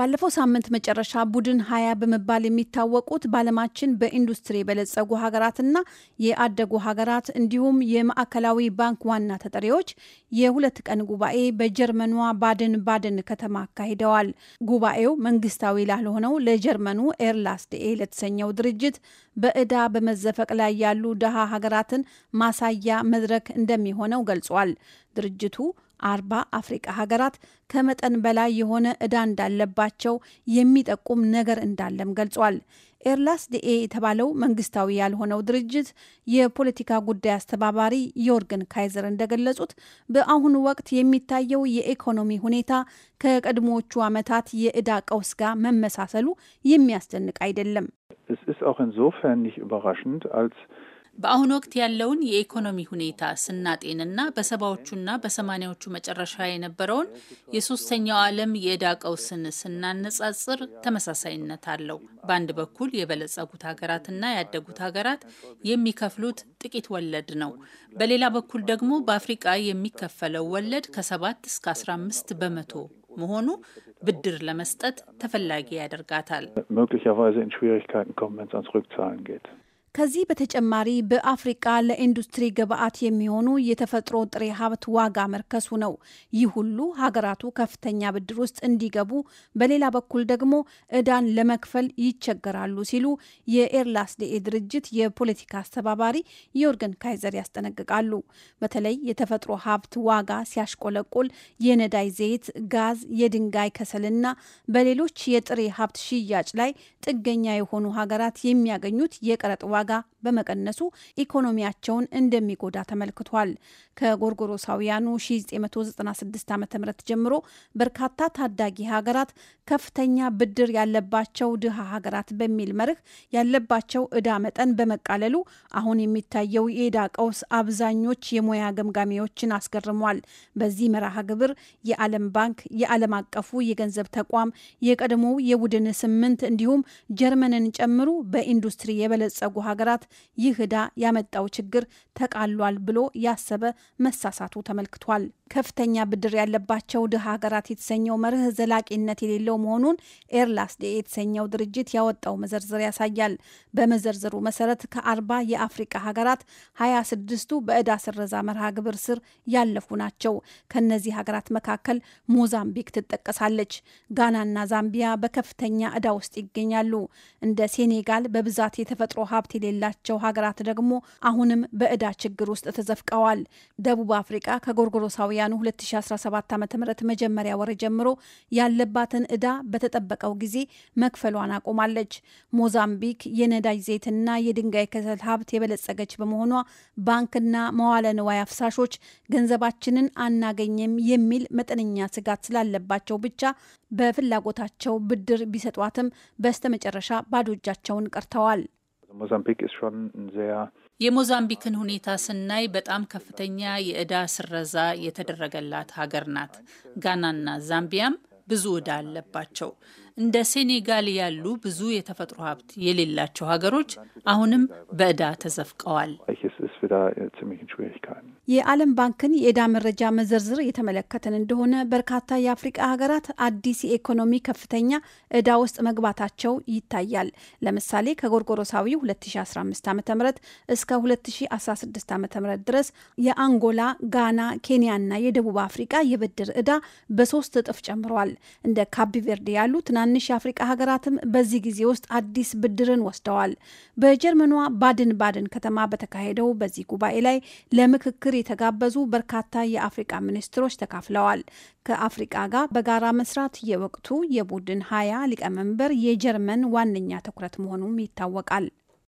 ባለፈው ሳምንት መጨረሻ ቡድን ሀያ በመባል የሚታወቁት በዓለማችን በኢንዱስትሪ የበለጸጉ ሀገራትና የአደጉ ሀገራት እንዲሁም የማዕከላዊ ባንክ ዋና ተጠሪዎች የሁለት ቀን ጉባኤ በጀርመኗ ባድን ባድን ከተማ አካሂደዋል። ጉባኤው መንግስታዊ ላልሆነው ለጀርመኑ ኤርላስድኤ ለተሰኘው ድርጅት በእዳ በመዘፈቅ ላይ ያሉ ድሃ ሀገራትን ማሳያ መድረክ እንደሚሆነው ገልጿል። ድርጅቱ አርባ አፍሪቃ ሀገራት ከመጠን በላይ የሆነ እዳ እንዳለባቸው የሚጠቁም ነገር እንዳለም ገልጿል። ኤርላስ ዲኤ የተባለው መንግስታዊ ያልሆነው ድርጅት የፖለቲካ ጉዳይ አስተባባሪ ዮርግን ካይዘር እንደገለጹት በአሁኑ ወቅት የሚታየው የኢኮኖሚ ሁኔታ ከቀድሞዎቹ ዓመታት የእዳ ቀውስ ጋር መመሳሰሉ የሚያስደንቅ አይደለም። በአሁኑ ወቅት ያለውን የኢኮኖሚ ሁኔታ ስናጤንና በሰባዎቹና በሰማኒያዎቹ መጨረሻ የነበረውን የሶስተኛው ዓለም የዕዳ ቀውስን ስናነጻጽር ተመሳሳይነት አለው። በአንድ በኩል የበለጸጉት ሀገራትና ያደጉት ሀገራት የሚከፍሉት ጥቂት ወለድ ነው። በሌላ በኩል ደግሞ በአፍሪቃ የሚከፈለው ወለድ ከሰባት እስከ አስራ አምስት በመቶ መሆኑ ብድር ለመስጠት ተፈላጊ ያደርጋታል። ከዚህ በተጨማሪ በአፍሪቃ ለኢንዱስትሪ ግብዓት የሚሆኑ የተፈጥሮ ጥሬ ሀብት ዋጋ መርከሱ ነው። ይህ ሁሉ ሀገራቱ ከፍተኛ ብድር ውስጥ እንዲገቡ፣ በሌላ በኩል ደግሞ እዳን ለመክፈል ይቸገራሉ ሲሉ የኤርላስዴኤ ድርጅት የፖለቲካ አስተባባሪ ዮርገን ካይዘር ያስጠነቅቃሉ። በተለይ የተፈጥሮ ሀብት ዋጋ ሲያሽቆለቆል የነዳይ ዘይት፣ ጋዝ፣ የድንጋይ ከሰልና በሌሎች የጥሬ ሀብት ሽያጭ ላይ ጥገኛ የሆኑ ሀገራት የሚያገኙት የቀረጥ ዋጋ шага በመቀነሱ ኢኮኖሚያቸውን እንደሚጎዳ ተመልክቷል። ከጎርጎሮሳውያኑ 1996 ዓ ም ጀምሮ በርካታ ታዳጊ ሀገራት ከፍተኛ ብድር ያለባቸው ድሃ ሀገራት በሚል መርህ ያለባቸው እዳ መጠን በመቃለሉ አሁን የሚታየው የዕዳ ቀውስ አብዛኞች የሙያ ገምጋሚዎችን አስገርሟል። በዚህ መርሃ ግብር የዓለም ባንክ፣ የዓለም አቀፉ የገንዘብ ተቋም፣ የቀድሞው የቡድን ስምንት እንዲሁም ጀርመንን ጨምሩ በኢንዱስትሪ የበለጸጉ ሀገራት ይህ ዕዳ ያመጣው ችግር ተቃሏል ብሎ ያሰበ መሳሳቱ ተመልክቷል። ከፍተኛ ብድር ያለባቸው ድሃ ሀገራት የተሰኘው መርህ ዘላቂነት የሌለው መሆኑን ዴ የተሰኘው ድርጅት ያወጣው መዘርዝር ያሳያል። በመዘርዝሩ መሰረት ከአርባ የአፍሪቃ ሀገራት ሀያ ስድስቱ በዕዳ ስረዛ መርሃ ግብር ስር ያለፉ ናቸው። ከእነዚህ ሀገራት መካከል ሞዛምቢክ ትጠቀሳለች። ጋናና ዛምቢያ በከፍተኛ ዕዳ ውስጥ ይገኛሉ። እንደ ሴኔጋል በብዛት የተፈጥሮ ሀብት የሌላቸው ሀገራት ደግሞ አሁንም በዕዳ ችግር ውስጥ ተዘፍቀዋል። ደቡብ አፍሪቃ ከጎርጎሮሳዊ ከአውሮፓውያኑ 2017 ዓ ም መጀመሪያ ወር ጀምሮ ያለባትን ዕዳ በተጠበቀው ጊዜ መክፈሏን አቆማለች። ሞዛምቢክ የነዳጅ ዘይትና የድንጋይ ከሰል ሀብት የበለጸገች በመሆኗ ባንክና መዋለ ንዋይ አፍሳሾች ገንዘባችንን አናገኝም የሚል መጠነኛ ስጋት ስላለባቸው ብቻ በፍላጎታቸው ብድር ቢሰጧትም በስተመጨረሻ ባዶ እጃቸውን ቀርተዋል። ሞዛምቢክ የሞዛምቢክን ሁኔታ ስናይ በጣም ከፍተኛ የዕዳ ስረዛ የተደረገላት ሀገር ናት። ጋናና ዛምቢያም ብዙ ዕዳ አለባቸው። እንደ ሴኔጋል ያሉ ብዙ የተፈጥሮ ሀብት የሌላቸው ሀገሮች አሁንም በዕዳ ተዘፍቀዋል። የዓለም ባንክን የዕዳ መረጃ መዘርዝር የተመለከትን እንደሆነ በርካታ የአፍሪቃ ሀገራት አዲስ የኢኮኖሚ ከፍተኛ ዕዳ ውስጥ መግባታቸው ይታያል። ለምሳሌ ከጎርጎሮሳዊ 2015 ዓ ም እስከ 2016 ዓ ም ድረስ የአንጎላ፣ ጋና፣ ኬንያና የደቡብ አፍሪቃ የብድር ዕዳ በሶስት እጥፍ ጨምረዋል። እንደ ካፒቬርዴ ያሉ ትናንሽ የአፍሪቃ ሀገራትም በዚህ ጊዜ ውስጥ አዲስ ብድርን ወስደዋል። በጀርመኗ ባድን ባድን ከተማ በተካሄደው በዚህ ጉባኤ ላይ ለምክክር የተጋበዙ በርካታ የአፍሪቃ ሚኒስትሮች ተካፍለዋል። ከአፍሪቃ ጋር በጋራ መስራት የወቅቱ የቡድን ሀያ ሊቀመንበር የጀርመን ዋነኛ ትኩረት መሆኑም ይታወቃል።